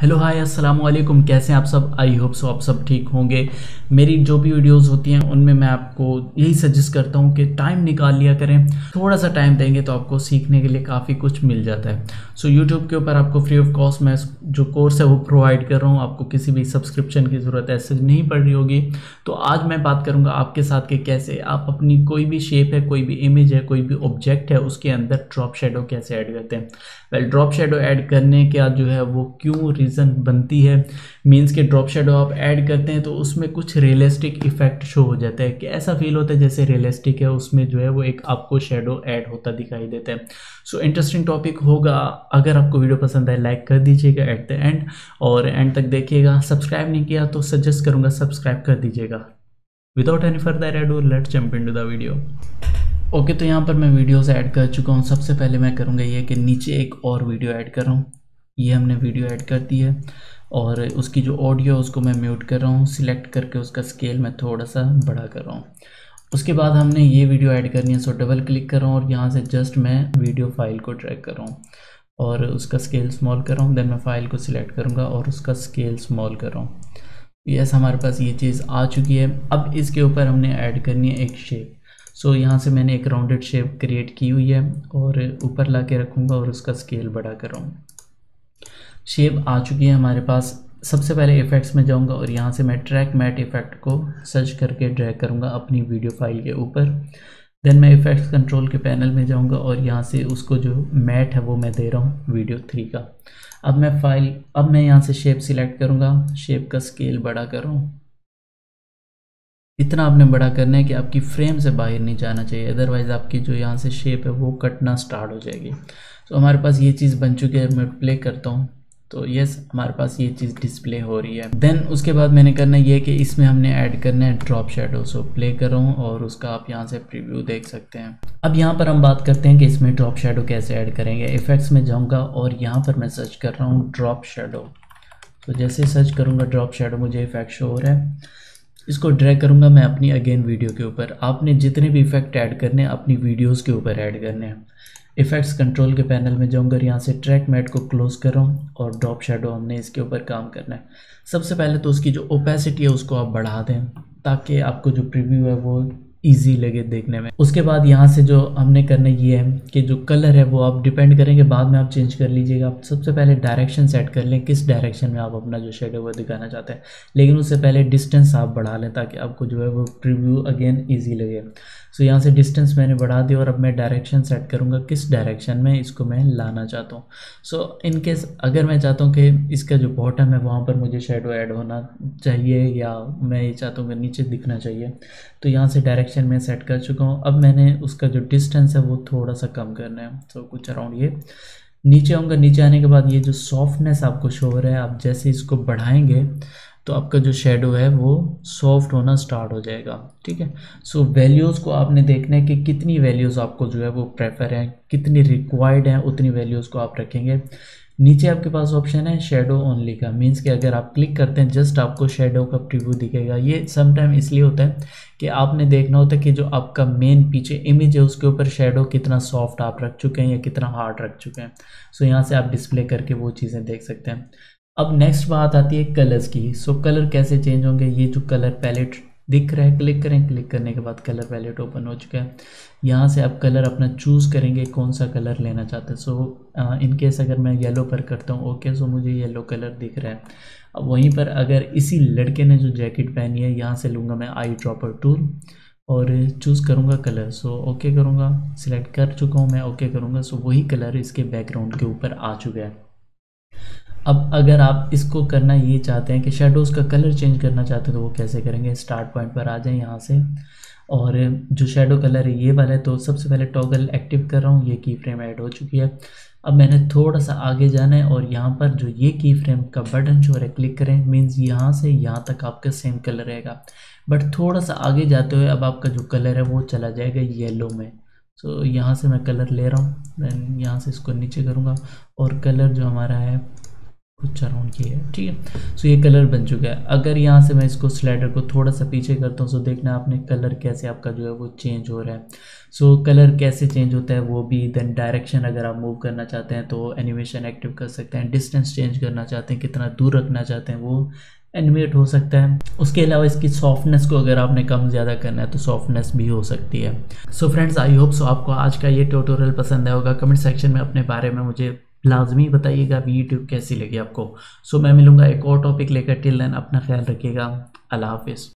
hello hi अस्सलाम वालेकुम कैसे हैं आप सब आई होप सो आप सब ठीक होंगे मेरी जो भी वीडियोस होती हैं उनमें मैं आपको यही सजेस्ट करता हूं कि टाइम निकाल लिया करें थोड़ा सा टाइम देंगे तो आपको सीखने के लिए काफ़ी कुछ मिल जाता है सो so, यूट्यूब के ऊपर आपको फ्री ऑफ कॉस्ट मैं जो कोर्स है वो प्रोवाइड कर रहा हूँ आपको किसी भी सब्सक्रिप्शन की ज़रूरत ऐसे नहीं पड़ रही होगी तो आज मैं बात करूँगा आपके साथ के कैसे आप अपनी कोई भी शेप है कोई भी इमेज है कोई भी ऑब्जेक्ट है उसके अंदर ड्रॉप शेडो कैसे ऐड करते हैं वेल ड्रॉप शेडो ऐड करने का जो है वो क्यों कंपेरिजन बनती है मीन्स के ड्रॉप शेडो आप ऐड करते हैं तो उसमें कुछ रियलिस्टिक इफेक्ट शो हो जाता है कि ऐसा फील होता है जैसे रियलिस्टिक है उसमें जो है वो एक आपको शेडो ऐड होता दिखाई देता है सो इंटरेस्टिंग टॉपिक होगा अगर आपको वीडियो पसंद आए लाइक कर दीजिएगा एट द एंड और एंड तक देखिएगा सब्सक्राइब नहीं किया तो सजेस्ट करूँगा सब्सक्राइब कर दीजिएगा without any further ado let jump into the video okay तो यहाँ पर मैं वीडियोस ऐड कर चुका हूँ सबसे पहले मैं करूँगा ये कि नीचे एक और वीडियो ऐड कर रहा हूँ ये हमने वीडियो ऐड कर दी है और उसकी जो ऑडियो है उसको मैं म्यूट कर रहा हूँ सिलेक्ट करके उसका स्केल मैं थोड़ा सा बड़ा कर रहा हूँ उसके बाद हमने ये वीडियो ऐड करनी है सो डबल क्लिक कर रहा हूँ और यहाँ से जस्ट मैं वीडियो फाइल को ट्रैक कर रहा हूँ और उसका स्केल स्मॉल कर रहा हूँ देन मैं फाइल को सिलेक्ट करूँगा और उसका स्केल स्मॉल कर रहा हूँ यस हमारे पास ये चीज़ आ चुकी है अब इसके ऊपर हमने ऐड करनी है एक शेप सो so, यहाँ से मैंने एक राउंडेड शेप क्रिएट की हुई है और ऊपर ला के रखूँगा और उसका स्केल बड़ा कर रहा हूँ शेप आ चुकी है हमारे पास सबसे पहले इफ़ेक्ट्स में जाऊंगा और यहाँ से मैं ट्रैक मैट इफ़ेक्ट को सर्च करके ड्रैग करूँगा अपनी वीडियो फाइल के ऊपर देन मैं इफ़ेक्ट्स कंट्रोल के पैनल में जाऊँगा और यहाँ से उसको जो मैट है वो मैं दे रहा हूँ वीडियो थ्री का अब मैं फाइल अब मैं यहाँ से शेप सिलेक्ट करूँगा शेप का स्केल बड़ा करूँ इतना आपने बड़ा करना है कि आपकी फ्रेम से बाहर नहीं जाना चाहिए अदरवाइज़ आपकी जो यहाँ से शेप है वो कटना स्टार्ट हो जाएगी तो हमारे पास ये चीज़ बन चुकी है मैं प्ले करता हूँ तो यस हमारे पास ये चीज़ डिस्प्ले हो रही है देन उसके बाद मैंने करना ये कि इसमें हमने ऐड करना है ड्रॉप शेडो सो प्ले कर रहा हूँ और उसका आप यहाँ से प्रिव्यू देख सकते हैं अब यहाँ पर हम बात करते हैं कि इसमें ड्रॉप शेडो कैसे ऐड करेंगे इफ़ेक्ट्स में जाऊँगा और यहाँ पर मैं सर्च कर रहा हूँ ड्रॉप शेडो तो जैसे सर्च करूँगा ड्रॉप शेडो मुझे इफ़ेक्ट शो हो रहा है इसको ड्रैग करूँगा मैं अपनी अगेन वीडियो के ऊपर आपने जितने भी इफ़ेक्ट ऐड करने अपनी वीडियोज़ के ऊपर ऐड करने हैं इफेक्ट्स कंट्रोल के पैनल में जाऊँगा और यहाँ से ट्रैक मैट को क्लोज कर रहा हूँ और ड्रॉप शेडो हमने इसके ऊपर काम करना है सबसे पहले तो उसकी जो ओपेसिटी है उसको आप बढ़ा दें ताकि आपको जो प्रीव्यू है वो ईजी लगे देखने में उसके बाद यहाँ से जो हमने करना ये है कि जो कलर है वो आप डिपेंड करेंगे बाद में आप चेंज कर लीजिएगा आप सबसे पहले डायरेक्शन सेट कर लें किस डायरेक्शन में आप अपना जो शेड है वो दिखाना चाहते हैं लेकिन उससे पहले डिस्टेंस आप बढ़ा लें ताकि आपको जो है वो प्रिव्यू अगेन ईजी लगे सो यहाँ से डिस्टेंस मैंने बढ़ा दिया और अब मैं डायरेक्शन सेट करूँगा किस डायरेक्शन में इसको मैं लाना चाहता हूँ सो इनकेस अगर मैं चाहता हूँ कि इसका जो बॉटम है वहाँ पर मुझे शेडो ऐड होना चाहिए या मैं ये चाहता हूँ कि नीचे दिखना चाहिए तो यहाँ से डायरेक्शन डायरेक्शन में सेट कर चुका हूँ अब मैंने उसका जो डिस्टेंस है वो थोड़ा सा कम करना है सो कुछ अराउंड ये नीचे आऊँगा नीचे आने के बाद ये जो सॉफ्टनेस आपको शो हो रहा है आप जैसे इसको बढ़ाएंगे तो आपका जो शेडो है वो सॉफ्ट होना स्टार्ट हो जाएगा ठीक है सो वैल्यूज़ को आपने देखना है कि कितनी वैल्यूज़ आपको जो है वो प्रेफर हैं कितनी रिक्वायर्ड हैं उतनी वैल्यूज़ को आप रखेंगे नीचे आपके पास ऑप्शन है शेडो ओनली का मीन्स कि अगर आप क्लिक करते हैं जस्ट आपको शेडो का प्रीव्यू दिखेगा ये समटाइम इसलिए होता है कि आपने देखना होता है कि जो आपका मेन पीछे इमेज है उसके ऊपर शेडो कितना सॉफ्ट आप रख चुके हैं या कितना हार्ड रख चुके हैं सो यहाँ से आप डिस्प्ले करके वो चीज़ें देख सकते हैं अब नेक्स्ट बात आती है कलर्स की सो so, कलर कैसे चेंज होंगे ये जो कलर पैलेट दिख रहा है क्लिक करें क्लिक करने के बाद कलर पैलेट ओपन हो चुका है यहाँ से आप कलर अपना चूज़ करेंगे कौन सा कलर लेना चाहते हैं सो इन केस अगर मैं येलो पर करता हूँ ओके सो मुझे येलो कलर दिख रहा है अब वहीं पर अगर इसी लड़के ने जो जैकेट पहनी है यहाँ से लूँगा मैं आई ड्रॉपर टूल और चूज़ करूँगा कलर सो ओके करूँगा सिलेक्ट कर चुका हूँ मैं ओके करूँगा सो वही कलर इसके बैकग्राउंड के ऊपर आ चुका है अब अगर आप इसको करना ये चाहते हैं कि शेडोज़ का कलर चेंज करना चाहते हैं तो वो कैसे करेंगे स्टार्ट पॉइंट पर आ जाएं यहाँ से और जो शेडो कलर है ये वाला है तो सबसे पहले टॉगल एक्टिव कर रहा हूँ ये की फ्रेम ऐड हो चुकी है अब मैंने थोड़ा सा आगे जाना है और यहाँ पर जो ये की फ्रेम का बटन जो है क्लिक करें मीन्स यहाँ से यहाँ तक आपका सेम कलर रहेगा बट थोड़ा सा आगे जाते हुए अब आपका जो कलर है वो चला जाएगा येलो में सो यहाँ से मैं कलर ले रहा हूँ देन यहाँ से इसको नीचे करूँगा और कलर जो हमारा है कुछ अराउंड ये है ठीक है सो ये कलर बन चुका है अगर यहाँ से मैं इसको स्लाइडर को थोड़ा सा पीछे करता हूँ सो देखना आपने कलर कैसे आपका जो है वो चेंज हो रहा है सो so, कलर कैसे चेंज होता है वो भी देन डायरेक्शन अगर आप मूव करना चाहते हैं तो एनिमेशन एक्टिव कर सकते हैं डिस्टेंस चेंज करना चाहते हैं कितना दूर रखना चाहते हैं वो एनिमेट हो सकता है उसके अलावा इसकी सॉफ्टनेस को अगर आपने कम ज़्यादा करना है तो सॉफ्टनेस भी हो सकती है so friends I hope so आपको आज का ये ट्यूटोरियल पसंद आया होगा कमेंट सेक्शन में अपने बारे में मुझे लाजमी बताइएगा अभी यूट्यूब कैसी लगी आपको सो so, मैं मिलूंगा एक और टॉपिक लेकर टिल देन अपना ख्याल रखिएगा अल्लाह हाफिज़